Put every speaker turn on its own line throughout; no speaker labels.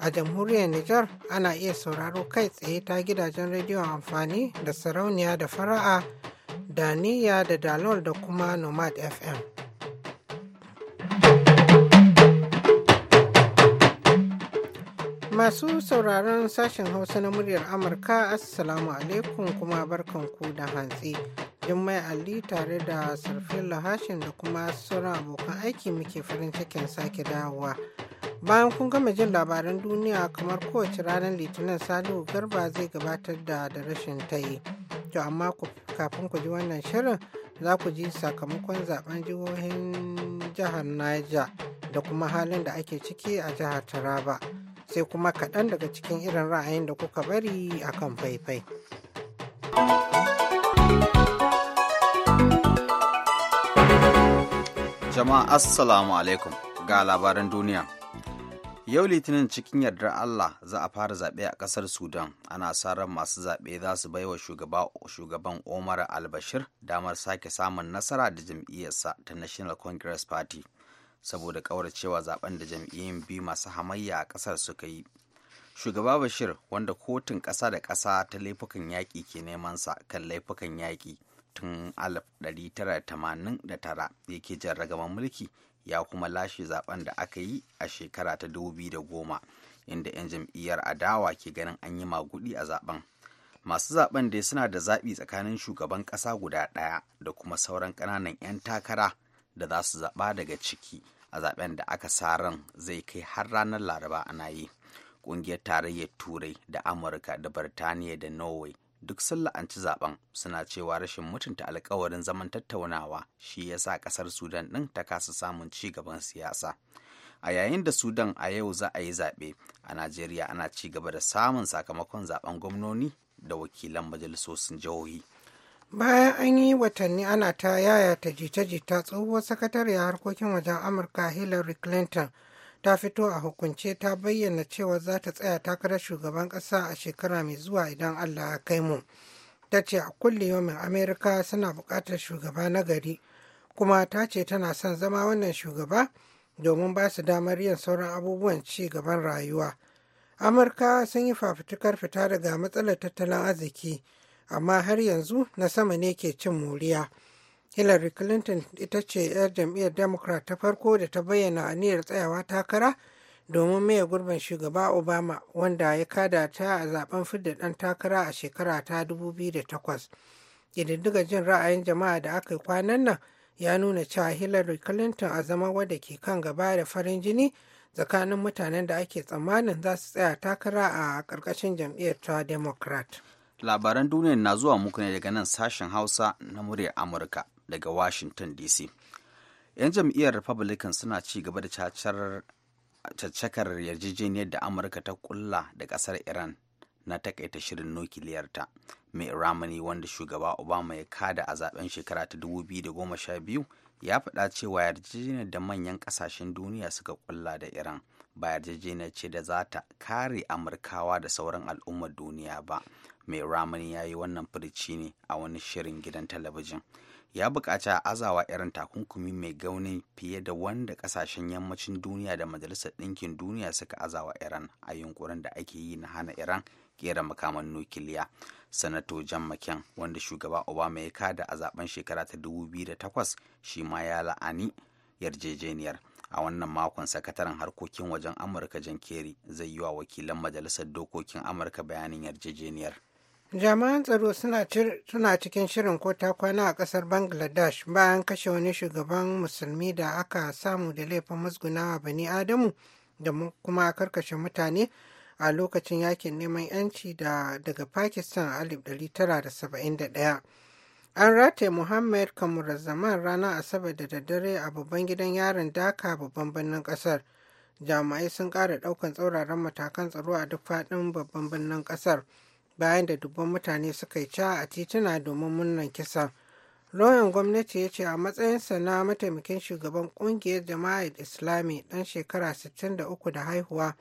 A jamhuriyar Nijar ana iya sauraro kai tsaye ta gidajen rediyo amfani da sarauniya da fara'a da niyya da dalol da kuma nomad fm. Masu sauraron sashen Hausa na muryar Amurka, Assalamu alaikum kuma barkanku da hantsi. Jummai Ali tare da Sarfin Lahashin da kuma sauran abokan aiki muke farin cikin sake dawowa. Bayan kun gama jin labaran duniya kamar kowace ranar Litinin Salihu Garba zai gabatar da da rashin tayi. To amma kafin ku ji wannan shirin za ku ji sakamakon zaben jihohin jihar Niger da kuma halin da ake ciki a jihar Taraba. Sai kuma kaɗan daga cikin irin ra'ayin da kuka bari a kan faifai.
Jama'a Assalamu alaikum ga labaran duniya. Yau Litinin cikin yardar Allah za a fara zaɓe a ƙasar Sudan, ana sa ran masu zaɓe za su baiwa shugaban Omar al-Bashir damar sake samun nasara da jam'iyyarsa ta National Congress Party, saboda ƙauracewa zaben da jam'iyyun biyu masu hamayya a ƙasar suka yi. Shugaba Bashir, wanda kotun ƙasa da ƙasa ta laifukan yaƙi ke neman sa kan laifukan yaƙi tun 1989 yake jan ragaman mulki ya kuma lashe zaben da aka yi a shekara ta 2010 inda 'yan jam'iyyar adawa ke ganin an yi magudi a zaben masu zaben dai suna da zaɓi tsakanin shugaban ƙasa guda ɗaya da kuma sauran ƙananan 'yan takara da za su zaɓa daga ciki a zaben da aka sa ran zai kai har ranar laraba ana yi ƙungiyar tarayyar turai da amurka da birtaniya da norway duk sun la'anci zaben suna cewa rashin mutunta alkawarin zaman tattaunawa shi ya sa kasar sudan ɗin ta kasa samun ci gaban siyasa a yayin da sudan a yau za a yi zaɓe a najeriya ana ci gaba da samun sakamakon zaben gwamnoni da wakilan majalisosin jihohi
bayan an yi watanni ana ta yaya ta jita-jita tsohuwar sakatariya harkokin wajen amurka hillary clinton ta fito a hukunce ta bayyana cewa za ta tsaya takarar shugaban ƙasa a shekara mai zuwa idan Allah ya kai mu. Ta ce a kulle yomin Amerika suna buƙatar shugaba na gari kuma ta ce tana son zama wannan shugaba domin ba su damar yin sauran abubuwan ci gaban rayuwa. Amurka sun yi fafutukar fita daga matsalar tattalin arziki amma har yanzu na sama ne ke cin moriya. hillary clinton ita ce 'yar jam'iyyar democrat ta farko da ta bayyana a niyyar tsayawa takara domin maye gurbin shugaba obama wanda ya kada ta a zaben fidda dan takara a shekara ta 2008 ƙididdigar jin ra'ayin jama'a da aka yi kwanan nan ya nuna cewa hillary clinton a zama wadda ke kan gaba da farin jini tsakanin mutanen da ake tsammanin za su tsaya takara a ƙarƙashin jam'iyyar ta democrat
labaran duniya na zuwa muku ne daga nan sashen hausa na muryar amurka daga washington dc 'yan jam'iyyar republican suna ci gaba da caccakar yarjejeniyar da amurka ta kulla da ƙasar iran na takaita shirin nukiliyarta mai ramani wanda shugaba obama ya kada a zaben shekara ta 2012 ya faɗa cewa yarjejeniyar da manyan ƙasashen duniya suka kulla da iran ba yarjejeniyar ce da za ta kare amurkawa da sauran al'ummar duniya ba mai ramani ya yi wannan furici ne a wani shirin gidan talabijin ya buƙaci azawa irin takunkumi mai gauni fiye da wanda kasashen yammacin duniya da majalisar ɗinkin duniya suka azawa iran a yunkurin da ake yi na hana iran kera makaman nukiliya sanato jan maken wanda shugaba obama ya kada a zaben shekara ta 2008 shi ma ya la'ani yarjejeniyar a wannan makon sakataren harkokin wajen amurka jan kerry zai yi wa wakilan majalisar dokokin amurka bayanin yarjejeniyar
jami'an tsaro suna cikin shirin ko ta kwana a kasar bangladesh bayan kashe wani shugaban musulmi da aka samu da laifin musgunawa bani adamu da kuma karkashe mutane a lokacin yakin neman yanci da daga pakistan 1971 an rataye muhammad zaman ranar asabar da daddare a babban gidan yaron daka babban birnin kasar jami'ai sun ƙara ɗaukan tsauraran matakan tsaro a duk faɗin babban birnin kasar. bayan da dubban mutane suka yi ca a tituna domin munnan kisa. lauyan gwamnati ya ce a matsayinsa na mataimakin shugaban kungiyar jama'ar islami dan shekara 63 da haihuwa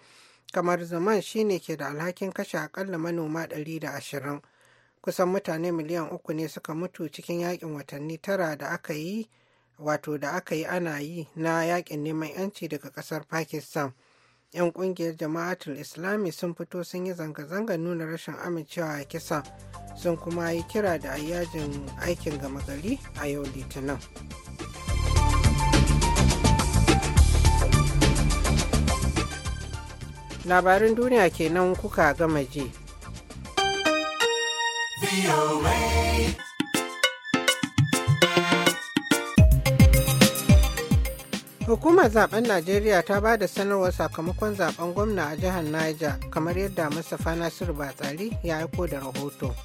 kamar zaman shine ke da alhakin kashe akalla manoma 120 kusan mutane miliyan uku ne suka mutu cikin yakin watanni tara da aka yi wato da aka yi ana yi na yakin neman yanci daga kasar pakistan 'yan kungiyar jama'atul islami sun fito sun yi zanga-zanga nuna rashin amincewa a kisa sun kuma yi kira da yajin aikin gama gari a yau litinin labarin duniya kenan kuka gama ji. Hukumar zaben Najeriya ta ba da sanarwar sakamakon zaben gwamna a jihar Niger kamar yadda Mustapha Nasiru Batsari ya aiko da rahoto.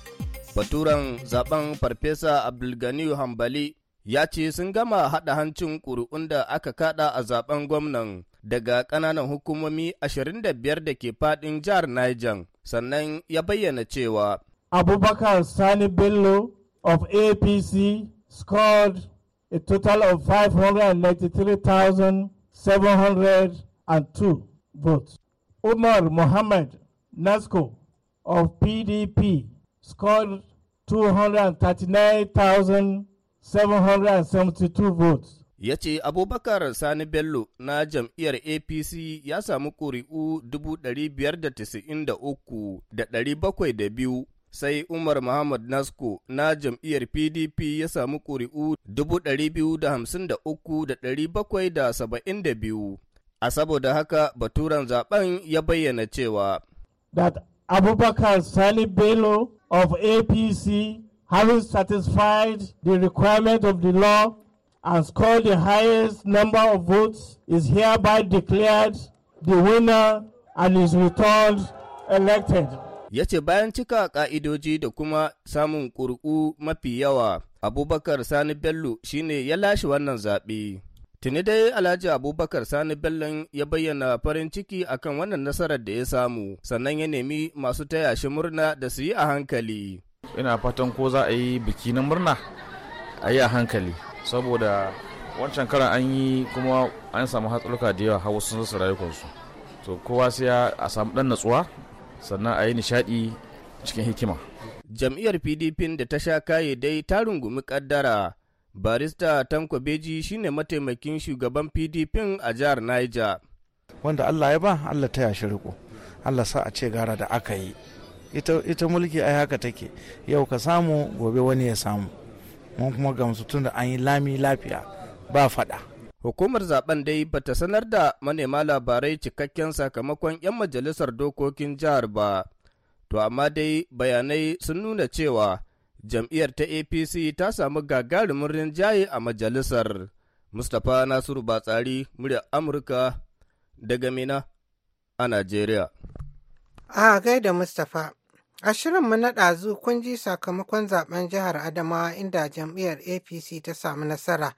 Baturan zaben Farfesa Abdulgani Hambali ya ce sun gama haɗa hancin ƙuri'un da aka kaɗa a zaben gwamnan daga ƙananan hukumomi 25 da ke faɗin jihar Niger sannan ya bayyana cewa. Abubakar Sani Bello of APC scored a total of 593,702 votes. Umar Mohammed Nasko of PDP scored 239,772 votes. ya ce abubakar sani bello na jam'iyyar apc ya samu ƙuri'u 593,702 sai Umar Muhammad Nasko na jam'iyyar PDP ya samu ƙuri'u 253,772. A saboda haka baturan zaben ya bayyana cewa. That Abubakar Sani Bello of APC having satisfied the requirement of the law and scored the highest number of votes is hereby declared the winner and is returned elected. ya ce bayan cika ƙa'idoji da kuma samun ƙuri'u mafi yawa abubakar sani bello shine ya lashe wannan zaɓe tuni dai alhaji abubakar sani bello ya bayyana farin ciki akan wannan nasarar da ya samu sannan ya nemi masu taya shi murna da su yi a hankali ina fatan ko za a yi biki na murna a yi a hankali saboda wancan karan an yi kuma an samu hatsaluka da yawa hawa sun rasa rayukansu to kowa sai a samu dan natsuwa sannan a yi nishaɗi cikin hikima. Jam'iyyar PDP da ta sha kaye dai ta rungumi kaddara. Barista Tanko Beji shine mataimakin shugaban PDP a jihar Niger.
Wanda Allah ya ba, Allah ta yashi riko. Allah sa a ce gara da aka yi. Ita,
ita mulki ai haka take, yau ka samu gobe wani ya samu. Mun kuma gamsu tunda da an yi lami lafiya ba faɗa. Hukumar zaben dai bata sanar da manema labarai cikakken sakamakon 'yan majalisar dokokin jihar ba, to amma dai bayanai sun nuna cewa jam'iyyar ta APC ta samu gagarumin rinjaye a majalisar. Mustapha Nasiru Batsari, murya Amurka daga Mina a Najeriya.
A gaida Mustapha, a mu na ɗazu kun ji sakamakon zaben jihar Adamawa inda jam'iyyar APC ta samu nasara.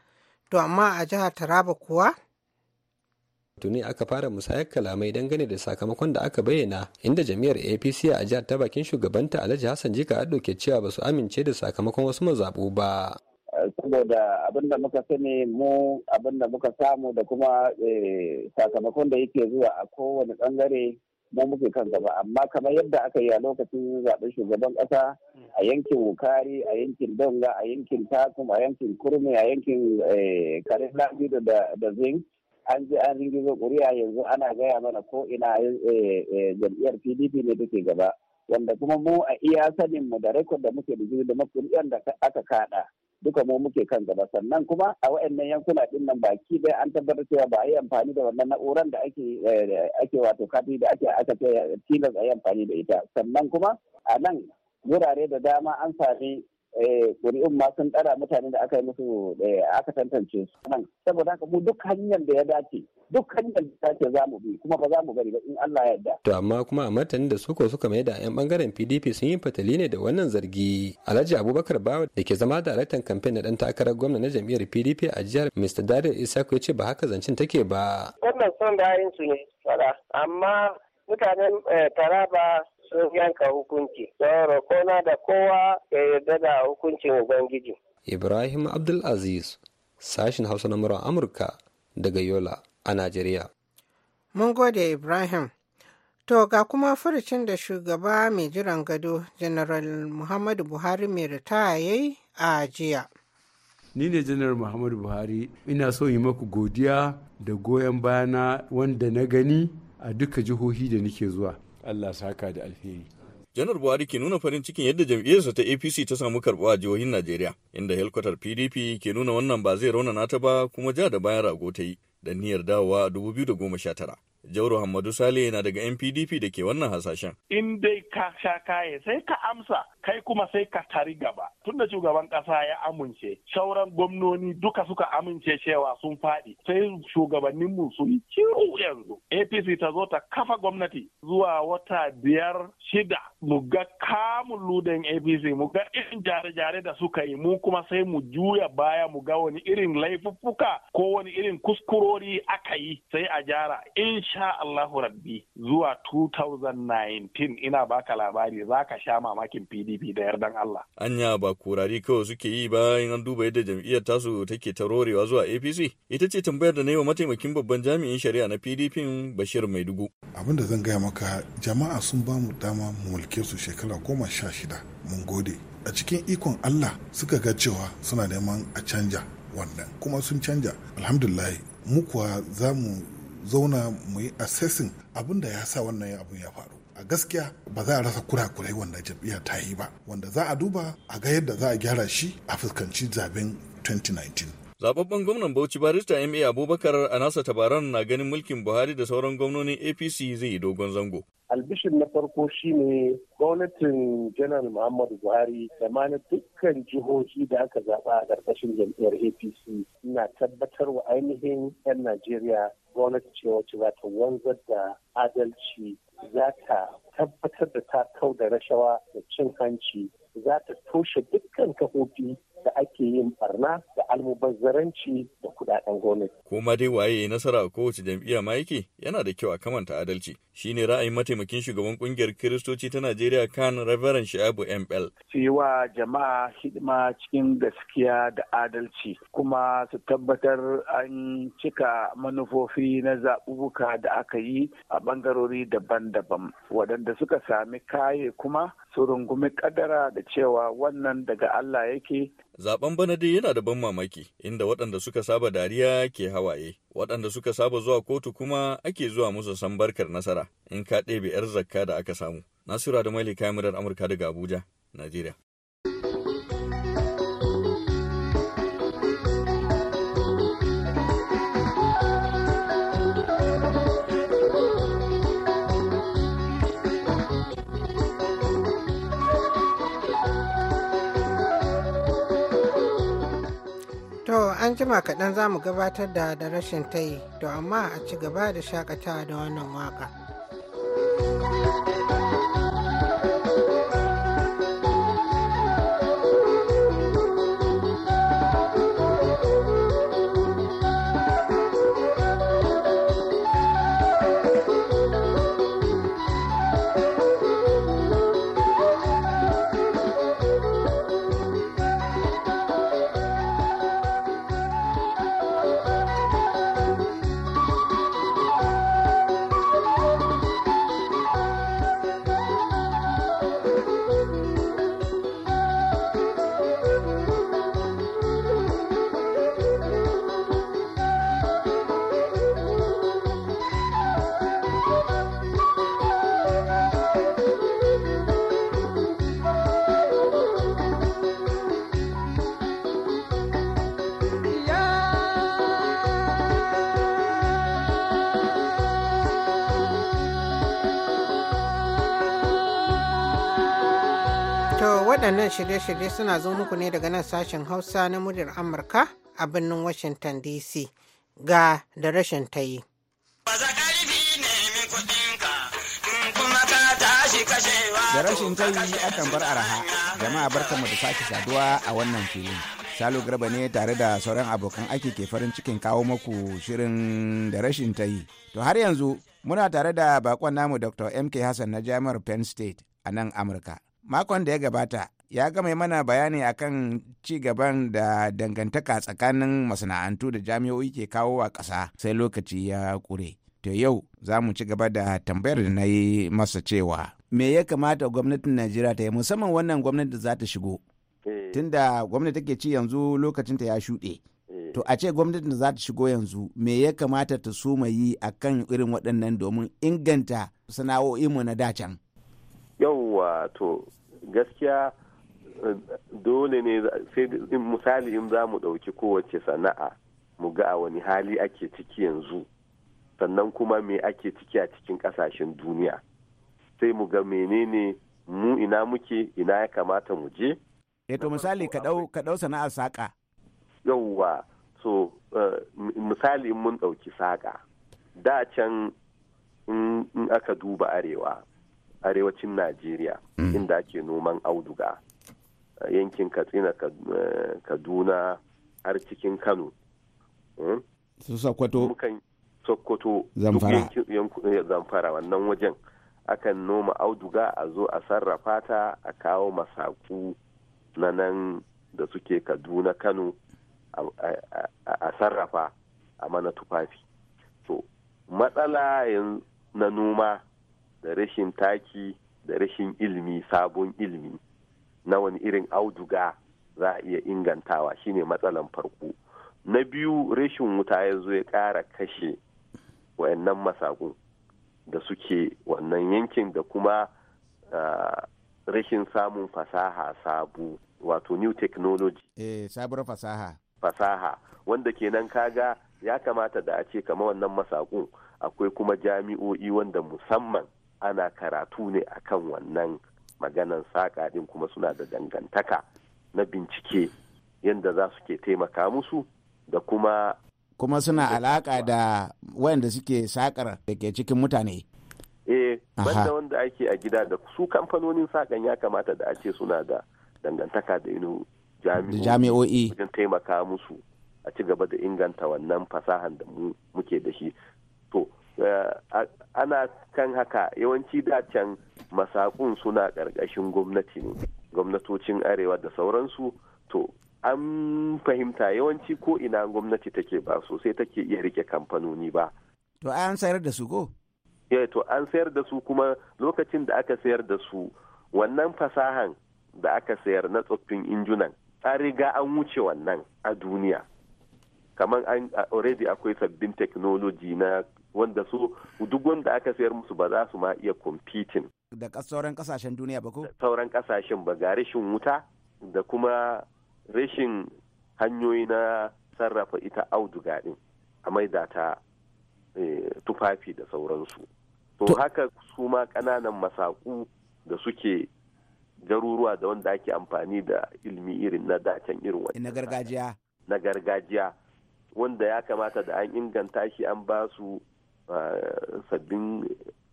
to amma a jihar taraba kuwa tuni aka fara musayar kalamai dangane da sakamakon da aka bayyana inda jami'ar apc a jihar ta bakin shugabanta alhaji hassan jika addo ke cewa ba su amince da sakamakon wasu mazaɓu ba
saboda abinda muka sani mu abinda muka samu da kuma eh, sakamakon da yake zuwa a kowane bangare mu muke kan gaba amma kamar yadda aka yi a lokacin zaɓen shugaban ƙasa a yankin wukari a yankin donga a yankin takum a yankin kurmi a yankin eh, karin lamido da zin an je an ringizo kuri'a yanzu ana gaya mana ko ina eh, eh, jam'iyyar pdp ne take gaba wanda kuma mu a iya sanin mu da rekod da muke da da makuri'an da aka kada duka mu muke kan gaba sannan kuma a wayannan yankuna din nan baki dai an tabbatar cewa ba a yi amfani da wannan na'urar da ake ake wato kati da ake aka ce tilas a yi amfani da ita sannan kuma a nan wurare da dama an sami eh, ƙuri'un ma sun ɗara mutane da aka yi musu eh, aka tantance su nan saboda haka mu duk hanyar da ya dace duk hanyar da zamu za mu bi kuma ba za mu bari ba in Allah ya yarda.
To amma kuma a martanin da suko suka mai da 'yan bangaren PDP sun yi fatali ne da wannan zargi. Alhaji Abubakar Bawa da ke zama daraktan kamfen na ɗan takarar gwamna na jam'iyyar PDP a jihar Mr. Dariya Isaku ya ce ba haka zancen take ba. Wannan son da
su ne amma mutanen eh, Taraba sun yanka hukunci don rokona da kowa ya yarda da hukuncin ubangiji
ibrahim abdulaziz sashin hausa na murar amurka daga yola a najeriya mun gode ibrahim to ga kuma furucin da shugaba mai jiran gado general muhammadu buhari mai ritaya yi a jiya
ni ne janar muhammadu buhari ina so yi maku godiya da goyon bayana wanda na gani a duka jihohi da nake zuwa Allah saka da alheri
janar buhari ke nuna farin cikin yadda jam'iyyarsa ta apc ta samu karbuwa a jihohin najeriya inda helkwatar pdp ke nuna wannan ba zai raunana ta ba kuma ja da bayan rago ta yi da niyyar dawowa 2019 Jauro Hammadu Sale na daga NPDP da ke wannan hasashen.
In dai ka sha kaye
sai ka amsa kai kuma sai ka tari gaba. Tun da shugaban kasa ya amince, sauran gwamnoni duka suka amince cewa sun faɗi sai shugabanninmu su yi kiro yanzu. APC ta zo ta kafa gwamnati zuwa wata biyar shida mu ga kamun ludan APC mu ga irin jare-jare da suka yi mu kuma sai mu juya baya
mu ga wani irin laifuffuka ko wani irin kuskurori aka yi sai a jara. In insha Allahu rabbi zuwa 2019 ina baka labari za ka sha mamakin PDP da yardan Allah.
Anya ba kurari kawai suke yi bayan an duba yadda jam'iyyar tasu take tarorewa zuwa APC? Ita ce tambayar da na yi wa mataimakin babban jami'in shari'a na PDP Bashir Maidugu.
Abin da zan gaya maka jama'a sun ba mu dama mu mulke su shekara goma sha shida mun gode. A cikin ikon Allah suka ga cewa suna neman a canja wannan kuma sun canja alhamdulillah mu kuwa za mu zauna mu yi assessing abin da ya sa wannan abun ya faru a gaskiya ba za a rasa kurakurai wanda jam'iyya ta yi ba wanda za a duba a ga yadda za a gyara shi a fuskanci zaben
2019 Zababben gwamnan Bauchi barista MA Abubakar a nasa tabaran na ganin mulkin Buhari da sauran gwamnonin APC zai yi dogon zango.
Albishin na farko shine gwamnatin janar Muhammadu Buhari da ma dukkan jihohi da aka zaba a ƙarƙashin jam'iyyar APC na tabbatar wa ainihin 'yan Najeriya gwamnati ce wacce za ta wanzar da adalci za ta tabbatar da ta kau da rashawa da cin hanci za ta toshe dukkan kafofi da ake yin barna da almubazzaranci da kudaden gwamnati.
Kuma dai waye nasara a kowace jam'iyya ma yake yana da kyau a kamanta adalci. Shi ne ra'ayin mataimakin shugaban kungiyar Kiristoci ta Najeriya kan Reverend Shabu ML.
Su yi wa jama'a hidima cikin gaskiya da adalci kuma su tabbatar an cika manufofi na zaɓuɓɓuka da aka yi a ɓangarori daban-daban. Waɗanda suka sami kaye kuma su rungumi kadara da cewa wannan daga Allah yake.
Zaben bana dai yana da ban mamaki inda waɗanda suka saba dariya ke hawaye, waɗanda suka saba zuwa kotu kuma ake zuwa musu san barkar nasara in ka ɗebe 'yar zakka da aka samu. Nasiru da Maili kamarar Amurka daga Abuja, Najeriya.
an jima kaɗan za mu gabatar da da rashin tayi to amma a ci gaba da shakatawa da wannan waka. Waɗannan shirye-shirye suna zo muku ne daga nan sashen Hausa na muryar Amurka a birnin Washington DC ga da rashin ta yi. Da rashin ta
yi akan bar araha, jama'a barkanmu da sake saduwa a wannan filin. Salo Garba ne tare da sauran abokan ake ke farin cikin kawo maku shirin da rashin ta yi. To har yanzu muna tare da bakon namu Dr. MK Hassan na Jami'ar Penn State a nan Amurka. Makon da ya gabata ya gama mana bayani akan ci gaban da dangantaka tsakanin masana'antu da jami'o'i ke kawo a ƙasa sai lokaci ya ƙure. To yau za mu ci gaba da tambayar da na yi masa cewa me ya kamata gwamnatin Najeriya ta yi musamman wannan gwamnati da za ta shigo. Eh. Tunda gwamnati take ci yanzu lokacinta ya shuɗe. Eh. To a ce gwamnatin da za ta shigo yanzu me ya kamata ta suma yi a kan irin waɗannan domin inganta sana'o'inmu na dacan.
Yauwa to gaskiya dole ne sai misali in za mu ɗauki kowace sana'a mu ga a wani hali ake ciki yanzu sannan kuma me ake ciki a cikin ƙasashen duniya sai mu ga menene mu ina muke ina ya kamata mu je
eh, to misali ka ɗau sana'ar saƙa
yauwa so eh, misali mun ɗauki saƙa da can in aka duba arewa arewacin najeriya mm. inda ake noman auduga yankin katsina eh, kaduna har cikin kano hmm?
su sokoto
sokoto eh, zamfara wannan wajen akan noma auduga a zo a sarrafa ta a kawo masaku na nan da suke kaduna kano a sarrafa a mana tufafi to matsala na noma da rashin taki da rashin ilimi sabon ilimi na wani irin auduga za a iya ingantawa shine matsalan farko na biyu rashin wuta ya zo ya ƙara kashe wayannan masakun da suke wannan yankin da kuma rashin samun fasaha sabu wato new technology
eh sabuwar fasaha
fasaha wanda kenan kaga ya kamata da a ce kama wannan masakun akwai kuma jami'o'i wanda musamman ana karatu ne akan wannan maganan saƙa ɗin kuma suna da dangantaka na bincike yadda za su ke taimaka musu da kuma
kuma suna alaƙa da wanda suke saƙar da ke cikin mutane
eh da wanda ake a gida da su kamfanonin saƙan ya kamata da a ce suna da dangantaka da inu jami'o'i wajen taimaka musu a ci gaba da inganta wannan fasahan da muke da shi to eh, ana kan haka yawanci da can masakun suna ƙarƙashin gwamnati ne gwamnatocin arewa da sauransu to an fahimta yawanci ko ina gwamnati take ba sosai take iya rike kamfanoni ba
to an sayar da su
ko eh to an sayar da su kuma lokacin da aka sayar da su wannan fasahan da aka sayar na tsoffin injunan an riga an wuce wannan a duniya kamar an already akwai sabbin technology na wanda su duk wanda aka sayar musu ba za su ma iya competing
da sauran kasashen duniya ba ko
sauran kasashen ba ga rashin wuta da kuma rashin hanyoyi na sarrafa ita auduga din a maida ta eh, tufafi da sauransu to haka su ma kananan masaku da suke garuruwa da wanda ake amfani da ilmi irin na dacen irin wani na
gargajiya
na gargajiya wanda ya kamata da an inganta shi an ba su sabbin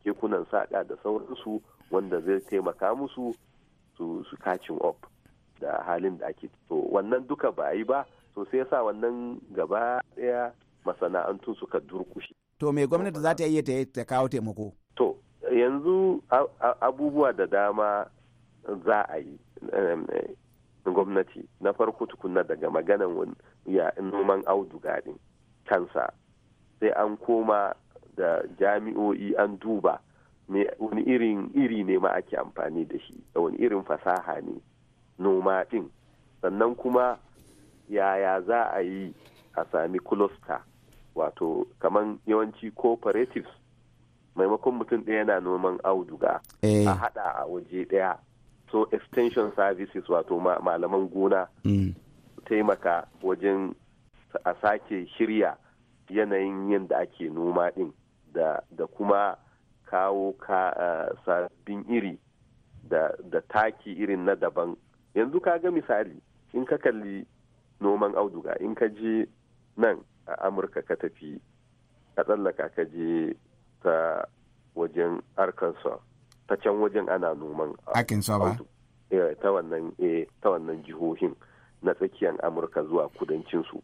kekunan sada da sauransu wanda zai taimaka musu su catching up da halin da ake to wannan duka ba yi ba to sai yasa wannan gaba ɗaya masana'antu suka durkushe
to me gwamnati za ta iya
ta kawo taimako to yanzu abubuwa da dama za a yi gwamnati na farko tukunna daga maganan ya noman auduga din kansa sai an koma da jami'o'i an duba wani irin iri ne ma ake amfani da shi da wani irin fasaha ne noma din sannan kuma yaya za a yi a sami kulosta wato kamar yawanci cooperatives maimakon mutum ɗaya na noman auduga eh. a haɗa a waje ɗaya so extension services wato malaman gona mm. taimaka wajen a sake shirya yanayin yadda ake noma din. da da kuma kawo eh, sabbin iri da taki irin na daban yanzu ka ga misali in ka kalli noman auduga in ka je nan a amurka ka tafi ka tsallaka ka je ta wajen arkansas ta can wajen ana noman
eh,
eh, ta wannan jihohin na tsakiyar amurka zuwa kudancinsu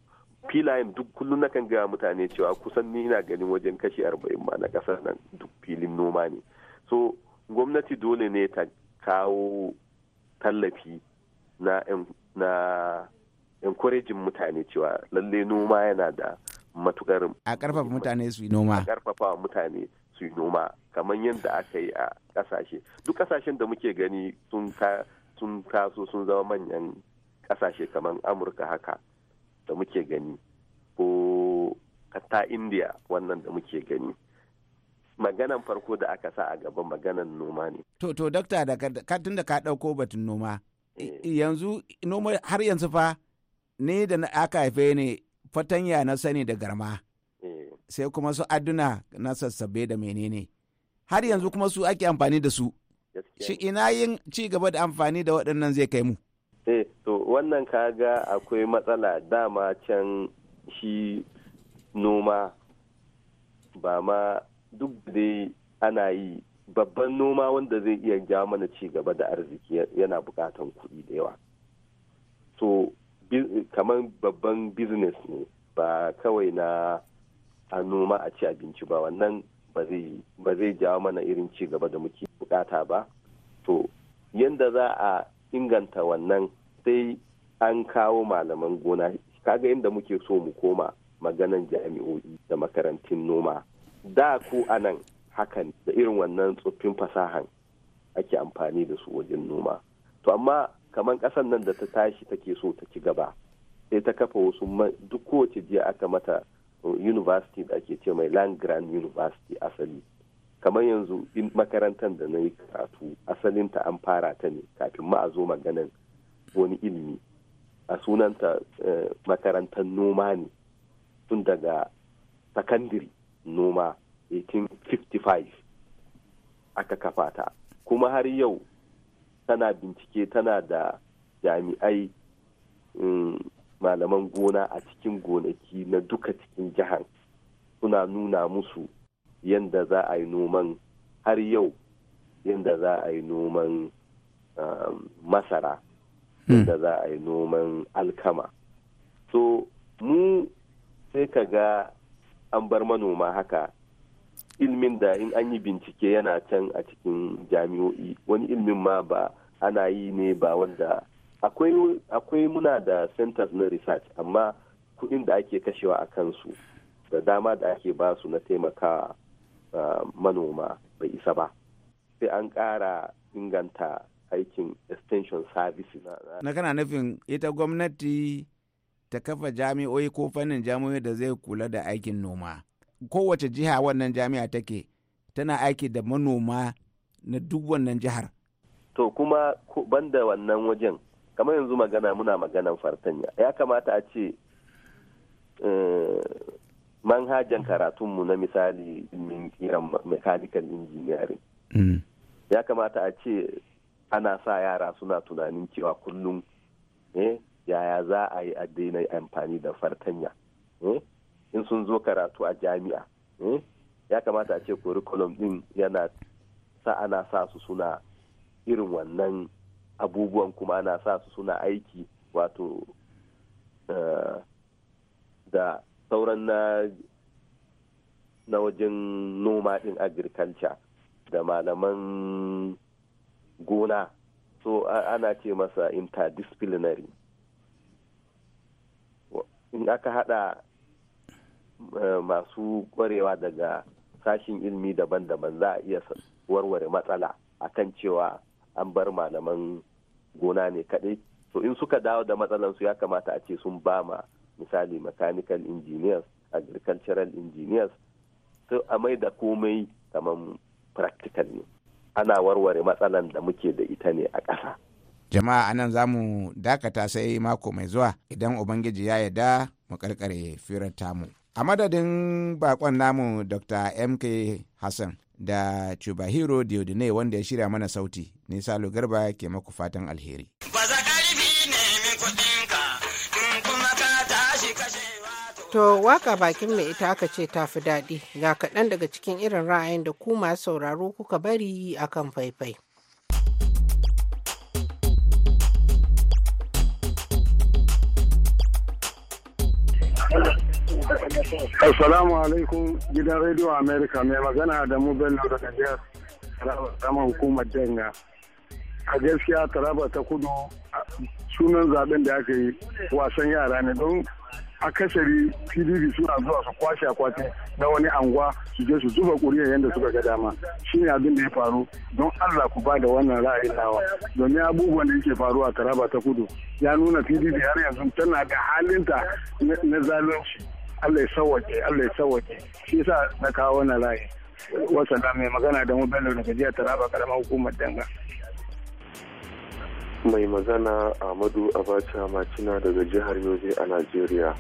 filayen duk kullum na kan gaya mutane cewa kusan ni ina ganin wajen kashi arba'in ma na kasar nan duk filin noma ne so gwamnati dole ne ta kawo tallafi na na encouraging mutane cewa lalle noma yana da matukar
a karfafa mutane su yi noma a
karfafa mutane su yi noma kamar yadda aka yi a kasashe duk kasashen da muke gani sun taso sun zama manyan kasashe kamar amurka haka da muke gani ko ta indiya wannan da muke gani maganan farko da aka sa a gaba maganan noma ne
to to dakta da katin da ka dauko batun noma eh. yanzu noma har yanzu fa ne da aka haife ne fatanya na sani da garma eh. sai kuma su aduna na sassabe da menene har eh. yanzu kuma su ake amfani da su shi ina yin ci gaba da amfani da waɗannan zai kai mu
eh to wannan kaga akwai matsala dama can shi noma ba ma duk dai ana yi babban noma wanda zai iya ja mana cigaba da arziki yana bukatan kuɗi da yawa so kamar babban business ne ba kawai na a noma a ci abinci ba wannan ba zai jawo mana irin cigaba da muke bukata ba to yadda za a inganta wannan sai an kawo malaman gona kaga inda muke so mu koma maganan jami'o'i da makarantun noma da ku anan hakan da irin wannan tsoffin fasahan ake amfani da su wajen noma to amma kamar ƙasar nan da ta tashi take so ta ci gaba sai ta kafa wasu duk kowace jiya aka mata uh, university da ake ce mai land grand university asali kamar yanzu in makarantar da na yi karatu asalinta an fara ta ne kafin ma a zo maganan wani ilimi a sunanta eh, makarantar noma ne tun daga sakandiri noma 1855 aka kafa ta kuma har yau tana bincike tana da jami'ai mm, malaman gona a cikin gonaki na duka cikin jihar suna nuna musu yadda za a yi noman har yau yadda za a yi noman um, masara hmm. yadda za a yi noman alkama so mu sai ka ga an bar manoma haka ilmin da in an yi bincike yana can a cikin jami'o'i wani ilmin ma ba ana yi ne ba wanda akwai muna da centers na research amma kudin da ake kashewa a kansu da dama da ake ba su na taimakawa Uh, manoma bai isa ba sai an ƙara inganta aikin extension services na
kana nufin ita gwamnati ta kafa jami'oi ko fannin jami'oi da zai kula da aikin noma kowace jiha wannan jami'a take tana aiki da manoma na duk wannan jihar
to kuma banda wannan wajen kamar yanzu magana muna maganan fartanya ya kamata a ce eh, manhajan karatunmu na misali min kiran mechanical engineering mm. ya kamata a ce ana sa yara suna tunanin cewa kullum eh, yaya za a yi a daina amfani da fartanya eh, in sun zo karatu a jami'a eh, ya kamata a ce curriculum din yana sa ana sa su suna irin wannan abubuwan kuma ana sa su suna aiki wato da sauran na na wajen noma din agriculture da malaman gona so ana ce masa interdisciplinary in aka hada eh, masu kwarewa daga sashin ilmi daban-daban za a iya warware matsala a kan cewa an bar malaman gona ne kaɗai so in suka dawo da matsalansu ya kamata a ce sun ba ma misali mechanical engineers agricultural engineers su a mai da komai kamar practical ne ana warware matsalan da muke da ita ne a ƙasa
jama'a anan za mu dakata sai mako mai zuwa idan ubangiji ya yarda mu karkare firar tamu a madadin bakon namu dr mk hassan da chubahiro diodine wanda ya shirya mana sauti nisa garba ke maku fatan alheri. ba ƙarfi ne min kudin.
To waka bakin mai ita aka ce ta daɗi ga kaɗan daga cikin irin ra'ayin da kuma sauraro kuka bari a kan faifai.
Assalamu alaikum gidan Radio America mai magana da mu Bello daga jihar Taraba sama hukumar Danga. A gaskiya Taraba ta kudu sunan zaben da aka yi wasan yara ne don a akasari pdp suna zuwa su kwashe akwati na wani anguwa su je su zuba kuriya yadda suka ga dama shi ne abin da ya faru don allah ku ba da wannan ra'ayin nawa domin abubuwan da yake faruwa taraba ta kudu ya nuna pdp har yanzu tana da halinta na zalunci allah ya sawwake allah ya sawwake shi yasa na kawo wannan ra'ayi wasu mai magana da mu bello daga jiya taraba karamar hukumar danga
mai magana amadu abacha macina daga jihar yobe a nigeria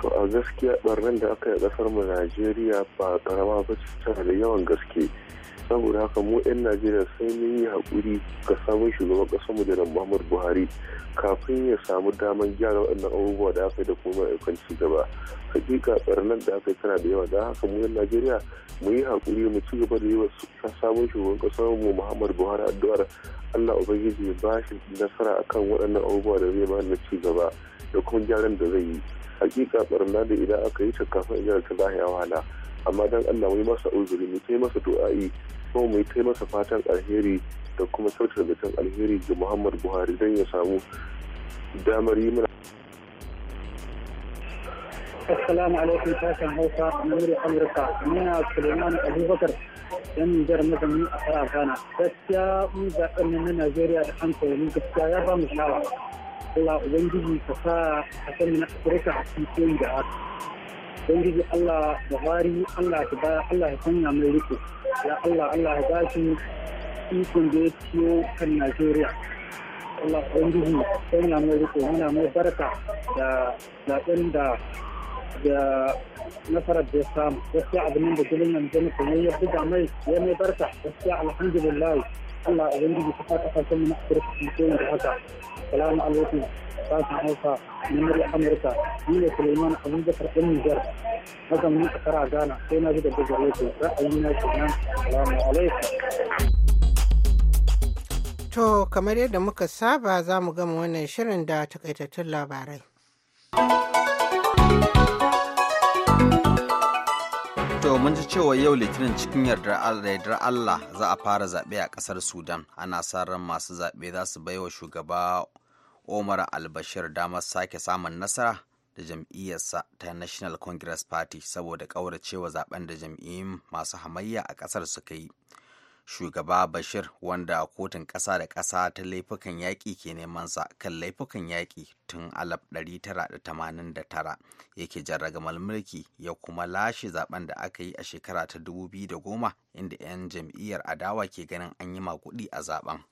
to a gaskiya barnan da aka yi kasar mu nigeria ba karama ba tana da yawan gaske saboda haka mu 'yan najeriya sai mun yi hakuri ga sabon shugaban ƙasar mu da
muhammadu buhari kafin ya samu daman gyara waɗannan abubuwa da aka yi da kuma ayyukan ci gaba hakika ɓarnar da aka yi tana da yawa da haka mu 'yan najeriya mu yi hakuri mu ci gaba da yi wa sabon shugaban ƙasar mu muhammadu buhari addu'ar allah ubangiji ya ba shi nasara akan waɗannan abubuwa da zai ba na ci gaba da kuma gyaran da zai yi hakika ɓarnar da idan aka yi ta kafin gyara ta za wahala amma dan allah mu yi masa uzuri mu yi masa du'a'i kuma mu yi masa fatan alheri da kuma kyautar zaton alheri ga muhammad buhari don ya samu damar yi mana
assalamu alaikum tashin hausa muri amurka muna suleiman abubakar yan nijar mazani a fara gana gaskiya mun zaɓen nan na najeriya da an koyi gaskiya ya ba mu shawa allah ubangiji ka sa a kan na afirka a cikin da ubangiji Allah Buhari Allah ya ba Allah ya sanya mai riko ya Allah Allah ya bashi ikon da ya ciyo kan Najeriya Allah ubangiji sanya mai riko muna mai barka da zaben da da nasarar da ya samu gaskiya abin da gulin yanzu ne ya buga mai ya mai barka gaskiya alhamdulillah Allah a yanzu da kuka kasashen mu na Afirka su ce da haka. Salamu alaikum. Sashen Hausa Nimar Murya Amurka. Ni ne Suleiman Abubakar ɗan Nijar. Haka mun kasar a Ghana sai na ji da gare ku. Ra'ayi na nan. Salamu alaikum.
To kamar yadda muka saba za mu gama wannan shirin da takaitattun labarai.
To mun ji cewa yau litinin cikin yardar Allah za a fara zaɓe a ƙasar Sudan. Ana sa ran masu zaɓe za su baiwa shugaba Omar al-Bashir damar sake samun nasara da jam'iyyarsa ta National Congress Party saboda ƙauracewa zaɓen da jam'iyyun masu hamayya a ƙasar suka yi. shugaba bashir wanda kotun ƙasa da ƙasa ta laifukan yaƙi ke neman sa kan laifukan yaƙi tun 1989 yake jarragamar mulki ya kuma lashe zaben da aka yi a shekara ta 2010 inda 'yan jam'iyyar adawa ke ganin an yi maguɗi a zaben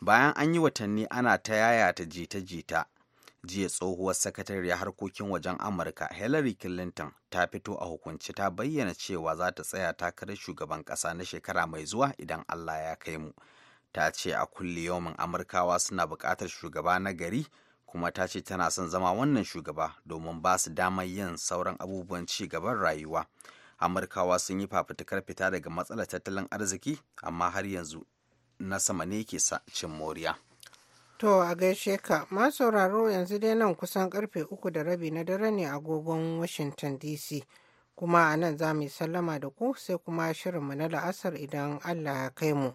bayan an yi watanni ana ta yaya ta jita-jita jiya tsohuwar sakatariyar harkokin wajen amurka hillary clinton ta fito a hukunci ta bayyana cewa za ta tsaya takarar shugaban kasa na shekara mai zuwa idan allah ya kai mu ta ce a kulle yawon amurkawa suna bukatar shugaba na gari kuma ta ce tana son zama wannan shugaba domin ba su damar yin sauran abubuwan ci gaban rayuwa amurkawa sun yi fafutukar fita daga matsalar tattalin arziki amma har yanzu na sama ne ke cin moriya.
To a gaishe ka, ma sauraro yanzu dai nan kusan karfe uku da rabi na dare ne a agogon Washington DC. Kuma a nan za mu sallama da ku sai kuma shirinmu na la'asar idan Allah ya kai mu.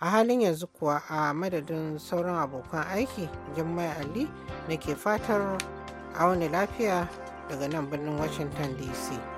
A halin yanzu kuwa a madadin sauran abokan aiki, Jummai Ali nake fatar auni lafiya daga nan birnin Washington DC.